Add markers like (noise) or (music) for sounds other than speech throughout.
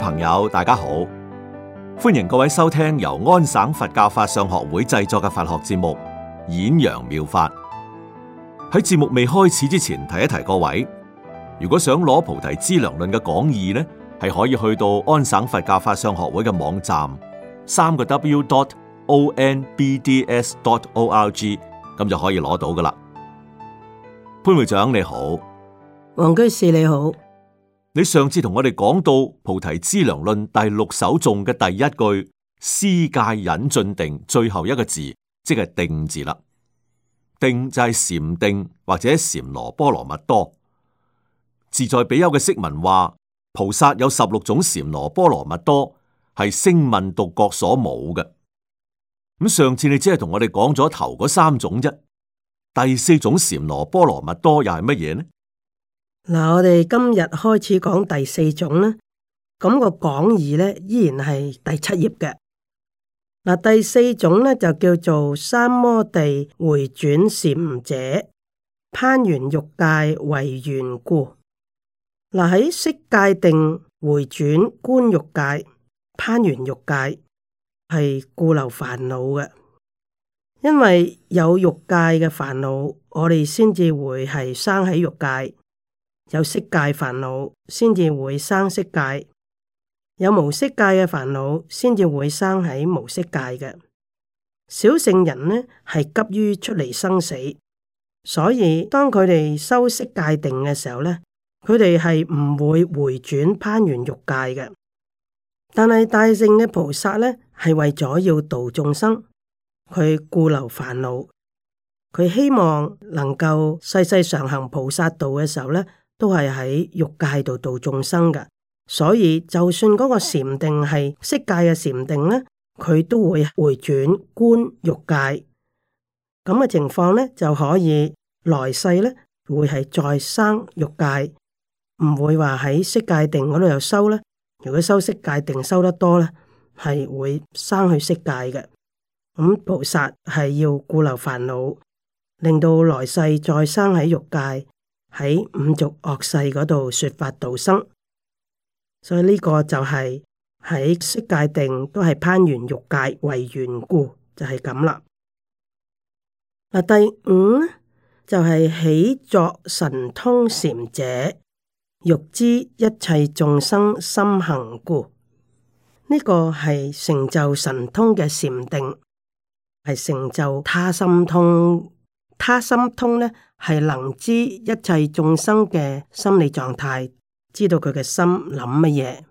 朋友，大家好，歡迎各位收聽由安省佛教法相學會製作嘅法學節目《演揚妙法》。喺節目未開始之前，提一提各位，如果想攞《菩提資糧論》嘅講義呢，係可以去到安省佛教法相學會嘅網站，三個 w.dot.o.n.b.d.s.dot.o.r.g，咁就可以攞到噶啦。潘會長你好，黃居士你好。你上次同我哋講到《菩提資糧論》第六首頌嘅第一句“施戒忍進定”，最後一個字即係“定”字啦。定就係禪定或者禪羅波羅蜜多。自在比丘嘅釋文話：菩薩有十六種禪羅波羅蜜多，係聲聞獨覺所冇嘅。咁上次你只係同我哋講咗頭嗰三種啫，第四種禪羅波羅蜜多又係乜嘢呢？嗱，我哋今日開始講第四種咧，咁、那個講義呢，依然係第七頁嘅。嗱，第四種呢，就叫做三摩地回轉禪者攀緣欲界為緣故。嗱，喺色界定回轉觀欲界攀緣欲界係故留煩惱嘅，因為有欲界嘅煩惱，我哋先至會係生喺欲界。有色界煩惱先至會生色界，有無色界嘅煩惱先至會生喺無色界嘅。小聖人呢係，急於出離生死，所以當佢哋修色界定嘅時候呢，佢哋係唔會回轉攀緣欲界嘅。但係大聖嘅菩薩呢係為咗要度眾生，佢故留煩惱，佢希望能夠世世常行菩薩道嘅時候呢。都係喺欲界度度眾生嘅，所以就算嗰個禪定係色界嘅禪定呢，佢都會回轉觀欲界咁嘅情況呢，就可以來世呢會係再生欲界，唔會話喺色界定嗰度又修呢。如果修色界定修得多呢，係會生去色界嘅。咁菩薩係要故留煩惱，令到來世再生喺欲界，喺五濁惡世嗰度說法度生，所以呢個就係喺色界定都係攀緣欲界為緣故，就係咁啦。第五就係、是、起作神通禪者，欲知一切眾生心行故，呢、這個係成就神通嘅禪定，係成就他心通。他心通呢，係能知一切眾生嘅心理狀態，知道佢嘅心諗乜嘢。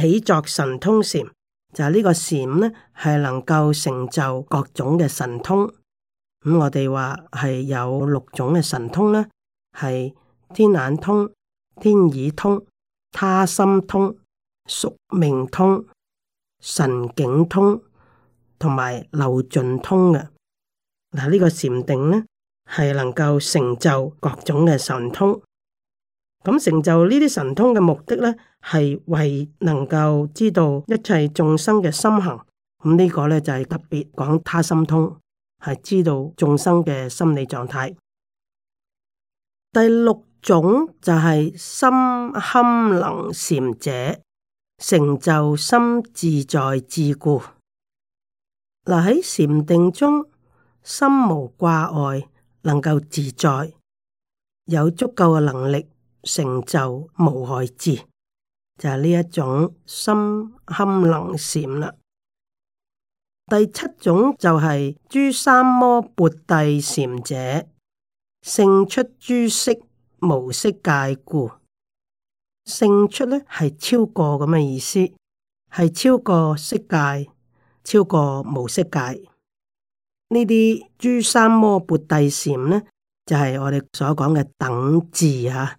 起作神通禪就係、是、呢個禪呢，係能夠成就各種嘅神通。咁、嗯、我哋話係有六種嘅神通咧，係天眼通、天耳通、他心通、宿命通、神境通同埋漏盡通嘅。嗱，呢個禪定呢係能夠成就各種嘅神通。咁成就呢啲神通嘅目的呢，係為能夠知道一切眾生嘅心行。咁呢個呢就係、是、特別講他心通，係知道眾生嘅心理狀態。第六種就係心堪能禪者成就心自在自故。嗱喺禪定中。心無掛礙，能夠自在，有足夠嘅能力成就無害智，就係、是、呢一種心堪能禪啦。第七種就係、是、諸三摩缽帝禪者，勝出諸色無色界故，勝出呢係超過咁嘅意思，係超過色界，超過無色界。呢啲諸三摩缽帝禪呢，就係、是、我哋所講嘅等至，啊，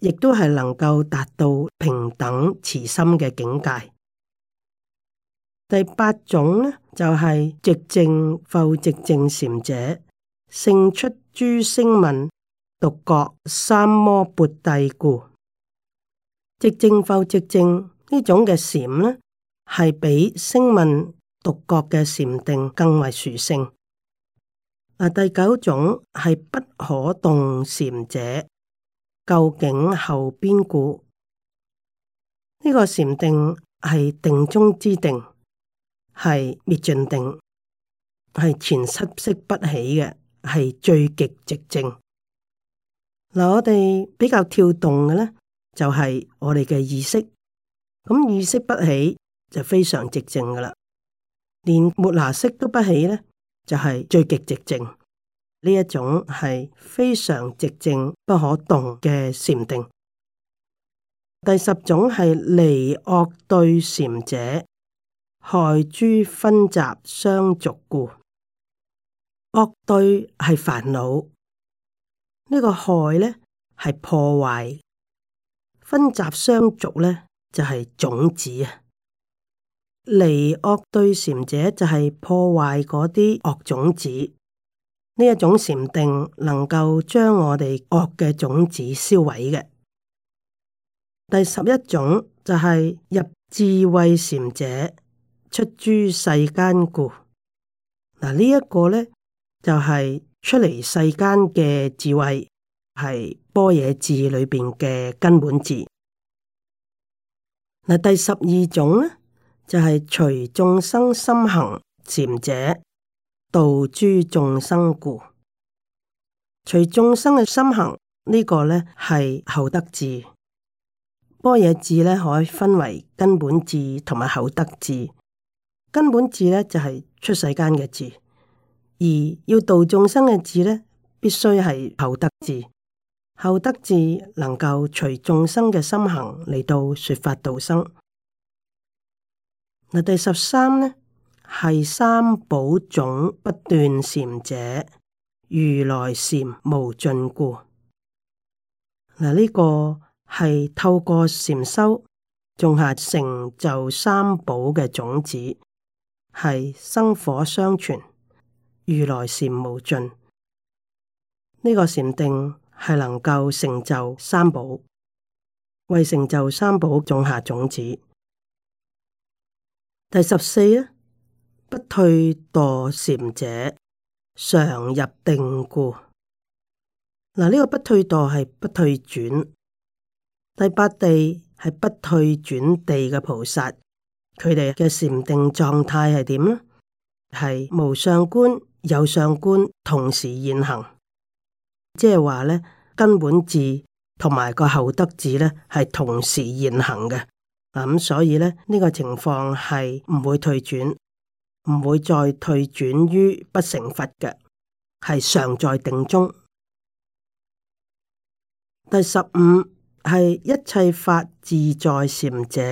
亦都係能夠達到平等慈心嘅境界。第八種呢，就係直正否直正禪者，勝出諸聲聞獨覺三摩缽帝故，直正否直正呢種嘅禪呢，係比聲聞。獨覺嘅禪定更為殊勝。第九種係不可動禪者，究竟後邊故呢、呢個禪定係定中之定，係滅盡定，係前七識不起嘅，係最極寂靜。嗱，我哋比較跳動嘅咧，就係、是、我哋嘅意識，咁意識不起就非常寂靜噶啦。連末那識，都不起呢，就係、是，最極寂靜。呢一種係非常寂靜、不可動嘅禪定。第十種係離惡對禪者，害諸分集相續故。惡對係煩惱，呢、這個害咧，係破壞，分集相續咧就係、是、種子離惡對禪者就係破壞嗰啲惡種子，呢一種禪定能夠將我哋惡嘅種子銷毀嘅。第十一種就係入智慧禪者出諸世間故，嗱、這個、呢一個咧就係、是、出嚟世間嘅智慧係般若智裏邊嘅根本智。嗱，第十二種咧。就係隨眾生心行禪者度諸眾生故，隨眾生嘅心行呢、這個呢係厚德智，般若智呢可以分為根本智同埋厚德智。根本智呢就係、是、出世間嘅智，而要度眾生嘅智呢，必須係厚德智。厚德智能夠隨眾生嘅心行嚟到說法度生。第十三呢係三寶種不斷，禪者如來禪無盡故。嗱，呢個係透過禪修種下成就三寶嘅種子，係生火相傳，如來禪無盡。呢、這個禪定係能夠成就三寶，為成就三寶種下種子。第十四啊，不退墮禪者常入定故。嗱，呢個不退墮係不退轉。第八地係不退轉地嘅菩薩。佢哋嘅禪定狀態係點咧？係無上觀、有上觀同時現行，即係話呢，根本智同埋個後得智呢係同時現行嘅。嗱咁、啊，所以呢，呢、這個情況係唔會退轉，唔會再退轉於不成佛嘅，係常在定中。第十五係一切法自在禪者，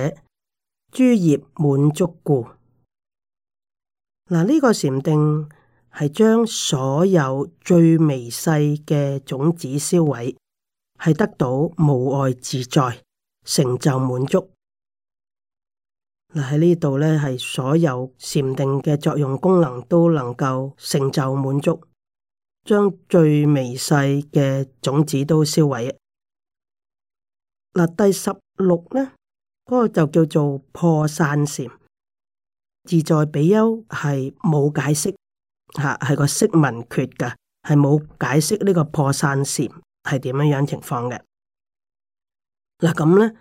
諸業滿足故。嗱、啊，呢、這個禪定係將所有最微細嘅種子銷毀，係得到無礙自在，成就滿足。嗱喺呢度咧，係所有禪定嘅作用功能都能夠成就滿足，將最微細嘅種子都燒毀。嗱，第十六咧，嗰、嗰個，就叫做破散禪，自在比丘係冇解釋吓，係個釋文缺㗎，係冇解釋呢個破散禪係點樣樣情況嘅。嗱咁咧。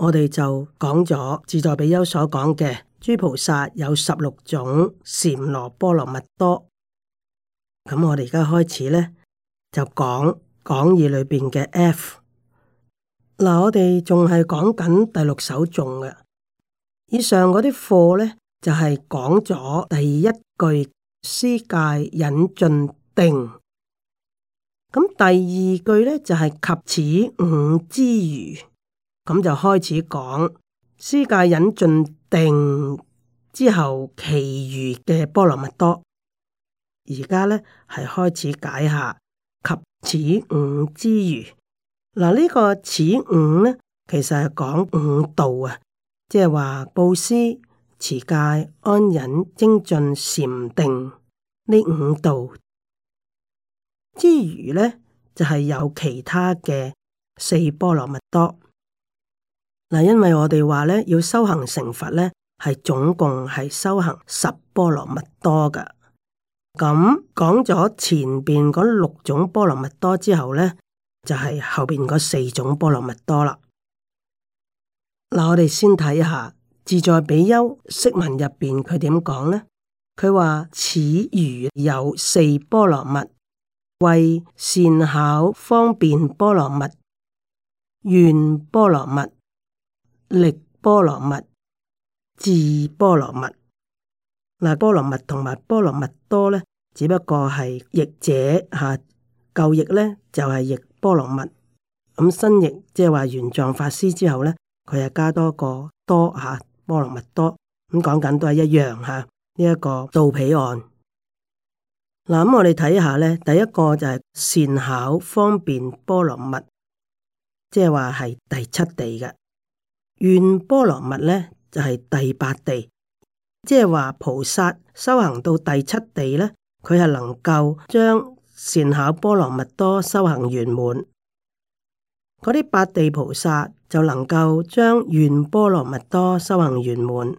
我哋就講咗自在比丘所講嘅，諸菩薩有十六種善羅波羅蜜多。咁我哋而家開始咧，就講講義裏邊嘅 F。嗱，我哋仲係講緊第六首頌嘅。以上嗰啲課咧，就係講咗第一句施戒忍進、定。咁第二句咧就係及此五之餘。咁就開始講，施戒引進定之後，其餘嘅波羅蜜多。而家咧係開始解下及此五之餘。嗱，呢個此五咧，其實係講五度啊，即係話布施、持戒、安忍、精進、禪定五呢五度之餘咧，就係、是、有其他嘅四波羅蜜多。嗱，因為我哋話咧，要修行成佛咧，係總共係修行十波羅蜜多噶。咁講咗前邊嗰六種波羅蜜多之後咧，就係、是、後邊嗰四種波羅蜜多啦。嗱，我哋先睇下自在比丘釋文入邊佢點講咧？佢話：此餘有四波羅蜜，為善巧方便波羅蜜、願波羅蜜。力波羅蜜、智波羅蜜。嗱，波羅蜜同埋波羅蜜多咧，只不過係譯者吓舊譯咧就係、是、譯波羅蜜，咁、啊、新譯即係話玄奘法師之後咧，佢又加多個多吓、啊、波羅蜜多，咁講緊都係一樣吓、啊，這個啊啊嗯、呢一個到彼岸。嗱，咁我哋睇下咧，第一個就係善巧方便波羅蜜，即係話係第七地嘅。願波羅蜜咧就係、是、第八地，即係話菩薩修行到第七地咧，佢係能夠將善巧波羅蜜多修行圓滿；嗰啲八地菩薩就能夠將願波羅蜜多修行圓滿；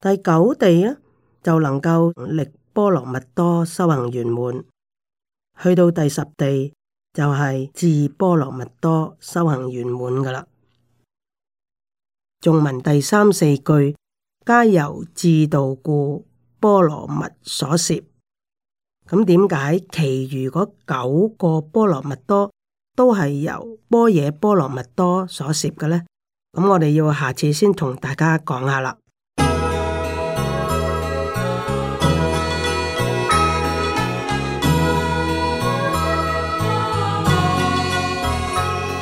第九地咧就能夠力波羅蜜多修行圓滿；去到第十地就係、是、智波羅蜜多修行圓滿噶啦。仲問第三四句，皆由智度故，波羅蜜所攝。咁點解其餘嗰九個波羅蜜多都係由般若波羅蜜多所攝嘅咧？咁我哋要下次先同大家講下啦。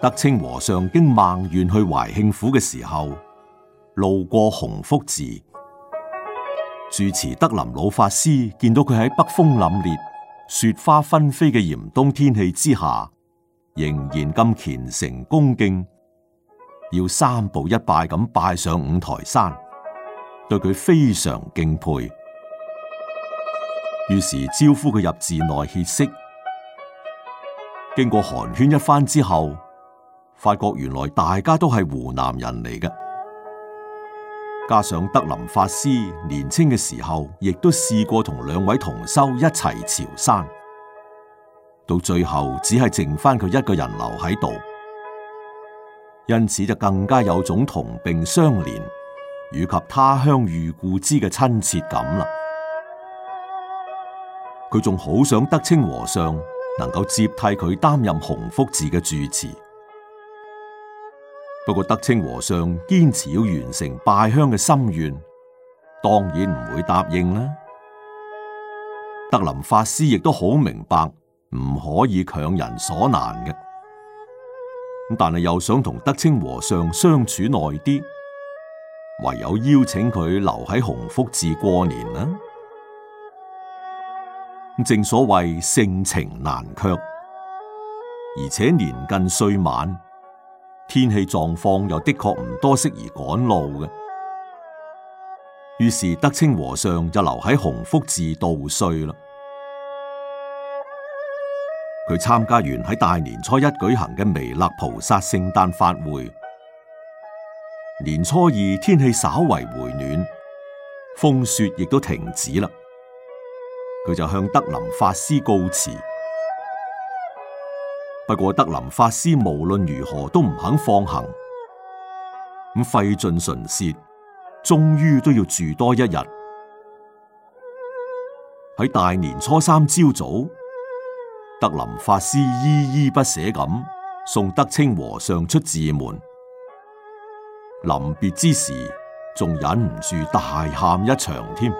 德清和尚經孟縣去懷慶府嘅時候，路過洪福寺，住持德林老法師見到佢喺北風凜冽、雪花紛飛嘅嚴冬天氣之下，仍然咁虔誠恭敬，要三步一拜咁拜上五台山，對佢非常敬佩，於是招呼佢入寺內歇息。經過寒暄一番之後。發覺原來大家都係湖南人嚟嘅，加上德林法師年輕嘅時候，亦都試過同兩位同修一齊朝山，到最後只係剩翻佢一個人留喺度，因此就更加有種同病相憐以及他鄉遇故知嘅親切感啦。佢仲好想德清和尚能夠接替佢擔任洪福寺嘅住持。不過德清和尚堅持要完成拜香嘅心願，當然唔會答應啦。德林法師亦都好明白，唔可以強人所難嘅。但係又想同德清和尚相，相處耐啲，唯有邀請佢留喺洪福寺過年啦。正所謂盛情難卻，而且年近歲晚。天氣狀況又的確唔多適宜趕路嘅，於是德清和尚就留喺弘福寺度歲啦。佢參加完喺大年初一舉行嘅彌勒菩薩聖誕法會，年初二天氣稍為回暖，風雪亦都停止啦，佢就向德林法師告辭。不過德林法師無論如何都唔肯放行，咁費盡唇舌，終於都要住多一日。喺大年初三朝早，德林法師依依不捨咁送德清和尚出寺門，臨別之時仲忍唔住大喊一場添。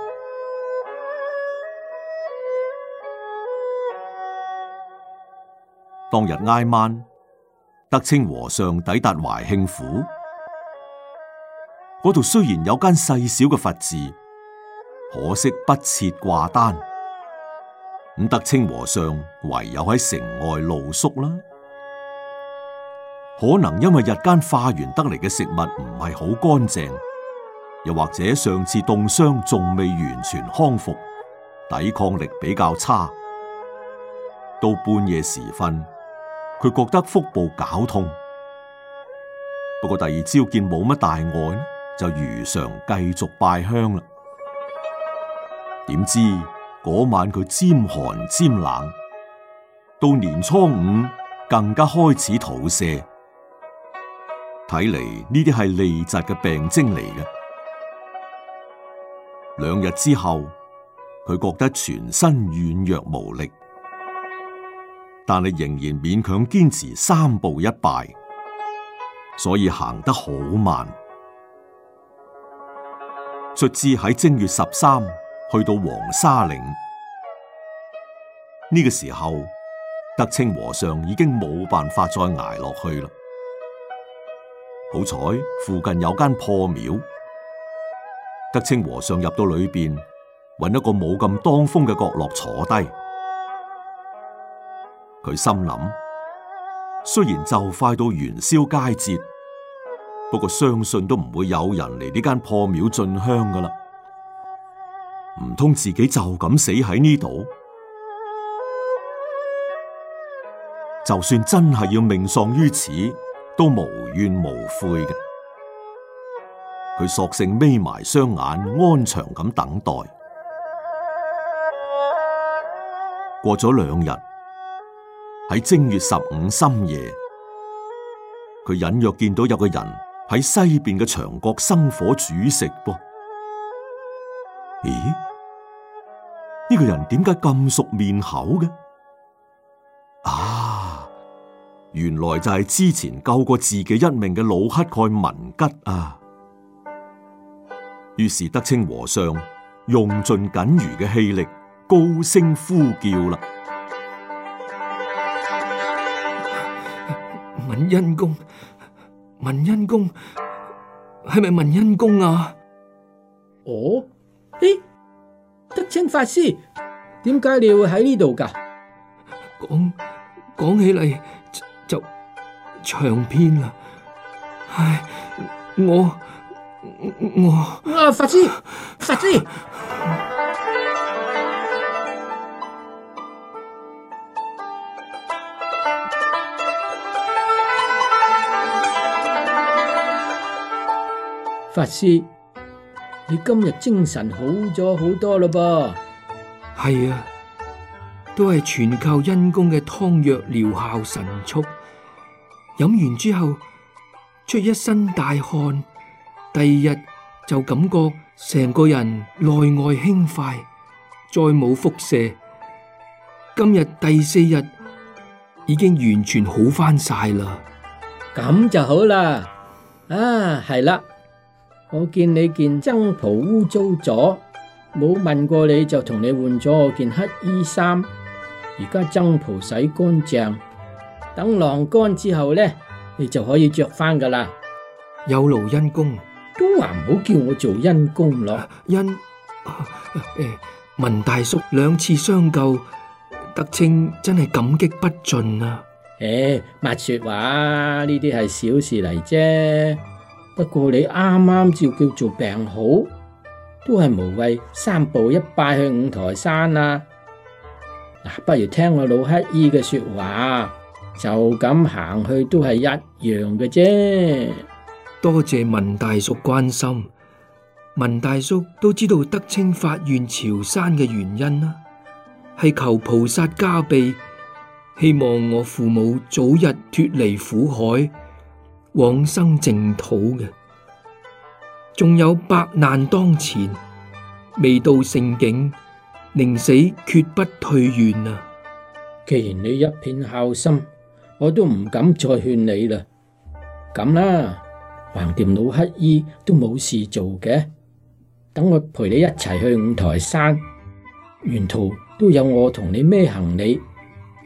當日挨晚，德清和尚抵達懷慶府。嗰度雖然有間細小嘅佛寺，可惜不設掛單，咁德清和尚唯有喺城外露宿啦。可能因為日間化緣得嚟嘅食物唔係好乾淨，又或者上次凍傷仲未完全康復，抵抗力比較差，到半夜時分，佢覺得腹部絞痛，不過第二朝見冇乜大礙，就如常繼續拜香啦。點知嗰晚佢沾寒沾冷，到年初五更加開始吐瀉，睇嚟，呢啲係痢疾嘅病徵嚟嘅。兩日之後，佢覺得全身軟弱無力。但係仍然勉強堅持三步一拜，所以行得好慢。卒至喺正月十三去到黃沙嶺，呢、這個時候德清和尚已經冇辦法再挨落去啦。好彩附近有間破廟，德清和尚入到裏邊，揾一個冇咁當風嘅角落坐低。佢心諗，雖然就快到元宵佳節，不過相信都唔會有人嚟呢間破廟進香噶啦。唔通自己就咁死喺呢度？就算真係要命喪於此，都無怨無悔嘅。佢索性眯埋雙眼，安詳咁等待。過咗兩日。喺正月十五深夜，佢隱約見到有個人喺西邊嘅牆角生火煮食噃。咦，呢個人點解咁熟面口嘅？啊，原來就係之前救過自己一命嘅老乞丐文吉啊！於是德清和尚用盡僅餘嘅氣力，高聲呼叫啦。文恩公，文恩公，係咪文恩公啊？哦，咦，德清法師，點解你會喺呢度㗎？講講起嚟就長篇啦。唉，我我啊，法師，法師。法師，你今日精神好咗好多咯噃？係啊，都係全靠恩公嘅湯藥療效神速，飲完之後出一身大汗，第二日就感覺成個人內外輕快，再冇輻射。今日第四日已經完全好翻晒啦，咁就好啦。啊，係啦。我見你件僧袍污糟咗，不過你啱啱照叫做病好，都係無謂三步一拜去五台山啦。啊啊。不如聽我老乞丐嘅說話，就咁行去都係一樣嘅啫。多謝文大叔關心，文大叔都知道德清發願朝山嘅原因啦，係求菩薩加被，希望我父母早日脱離苦海。往生淨土嘅，仲有百難當前，未到聖境，寧死決不退願啊！既然你一片孝心，我都唔敢再勸你啦。咁啦，橫掂老乞衣都冇事做嘅，等我陪你一齊去五台山，沿途都有我同你孭行李，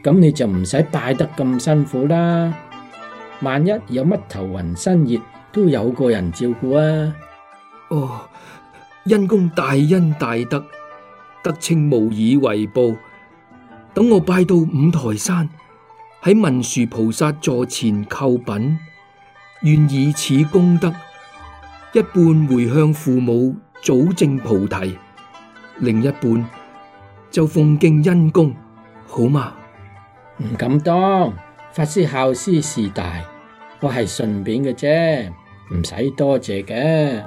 咁你就唔使拜得咁辛苦啦。萬一有乜頭暈身熱，都有個人照顧啊！哦，恩公大恩大德，德稱無以為報。等我拜到五台山，喺文殊菩薩座前叩品，願以此功德，一半回向父母早證菩提，另一半就奉敬恩公，好嗎？唔敢當，法師孝思事大。我係順便嘅啫，唔使多謝嘅。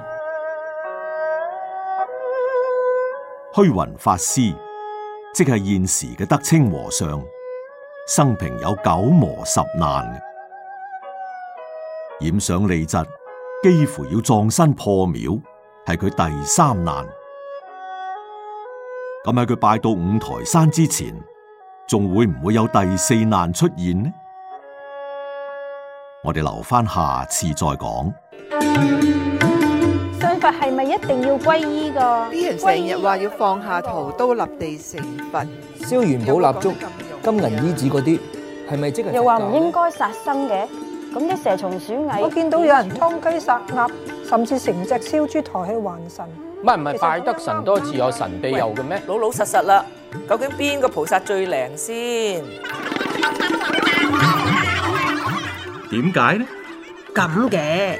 虛雲法師即係現時嘅德清和尚，生平有九磨十難，染上痢疾，幾乎要葬身破廟，係佢第三難。咁喺佢拜到五台山之前，仲會唔會有第四難出現呢？我哋留翻下次再講。信、嗯、佛係咪一定要皈依噶？成日話要放下屠刀立地成佛，燒 (noise) 元寶蠟燭、金銀衣紙嗰啲，係咪即係？是是又話唔應該殺生嘅，咁啲蛇蟲鼠蟻，我見到有人劏雞殺鴨，甚至成隻燒豬抬去還神。唔係唔係，拜得神多自有神庇佑嘅咩？喂老老實實啦，究竟邊個菩薩最靚先？點解呢？咁嘅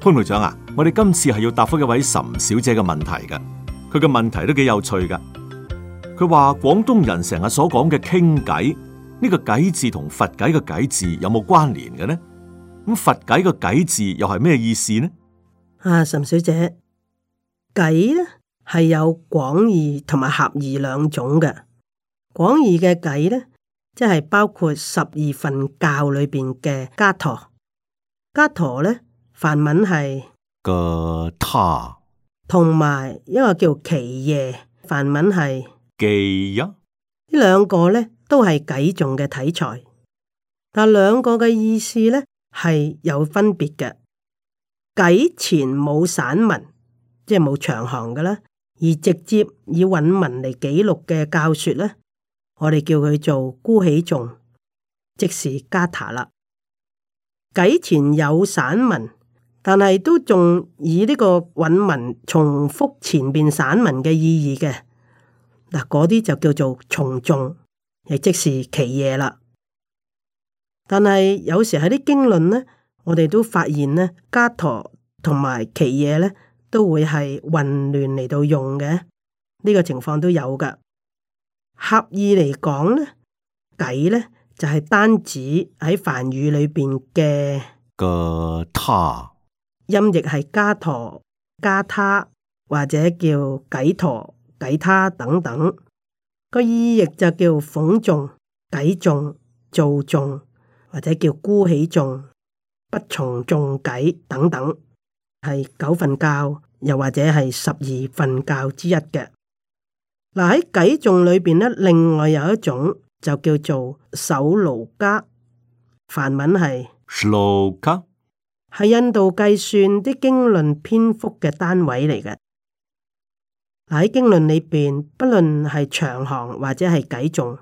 潘會長啊，我哋今次係要答复一位岑小姐嘅問題嘅。佢嘅問題都幾有趣噶。佢話廣東人成日所講嘅傾偈，呢個偈字同佛偈嘅偈字有冇關聯嘅呢？咁佛偈嘅偈字又係咩意思呢？啊，岑小姐，偈呢係有廣義同埋狹義兩種嘅。廣義嘅偈咧，即係包括十二份教裏邊嘅伽陀，伽陀咧，梵文係噶陀，同埋他一個叫奇耶，梵文係偈呀。呢一兩個咧都係偈頌嘅體裁，但兩個嘅意思咧係有分別嘅。偈前冇散文，即係冇長行噶啦，而直接以韻文嚟記錄嘅教說咧我哋叫佢做孤起頌，即是伽陀啦。偈前有散文，但係都仲以呢個韻文重複前面散文嘅意義嘅。嗱，嗰啲就叫做重頌，亦即是祇夜啦。但係有時喺啲經論呢，我哋都發現呢，伽陀同埋祇夜呢，都會係混亂嚟到用嘅。呢個情況都有噶。合意嚟講咧，偈咧就係、是、單指喺梵語裏邊嘅個他，音譯係迦陀、迦他或者叫偈陀、偈他等等。個意譯就叫諷誦、偈誦、造誦或者叫孤起誦、不從誦偈等等，係九份教又或者係十二份教之一嘅。嗱喺偈頌裏邊咧，另外有一種就叫做首盧伽。梵文係 sloka，係印度計算啲經論篇幅嘅單位嚟嘅。嗱喺經論裏邊，不論係長行或者係偈頌，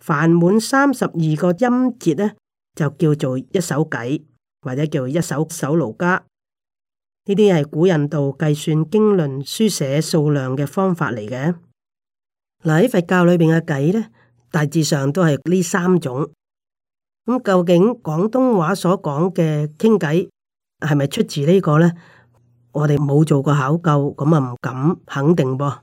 凡滿三十二個音節咧，就叫做一首偈，或者叫一首首盧伽。呢啲係古印度計算經論書寫數量嘅方法嚟嘅。嗱喺佛教裏邊嘅偈咧，大致上都係呢三種。咁究竟廣東話所講嘅傾偈係咪出自呢個咧？我哋冇做過考究，咁啊唔敢肯定噃。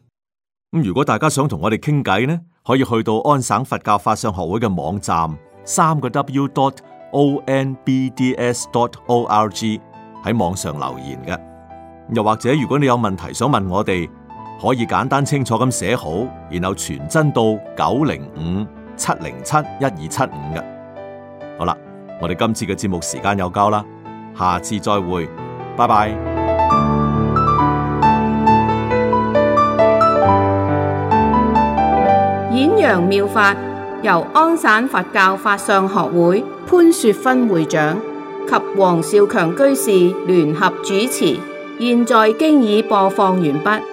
咁如果大家想同我哋傾偈咧，可以去到安省佛教法相學會嘅網站，三個 W dot O N B D S dot O R G 喺網上留言嘅。又或者如果你有問題想問我哋。可以簡單清楚咁寫好，然後傳真到九零五七零七一二七五嘅。好啦，我哋今次嘅節目時間又夠啦，下次再會，拜拜。演揚妙法由安省佛教法相學會潘雪芬會長及黃少強居士聯合主持，現在經已播放完畢。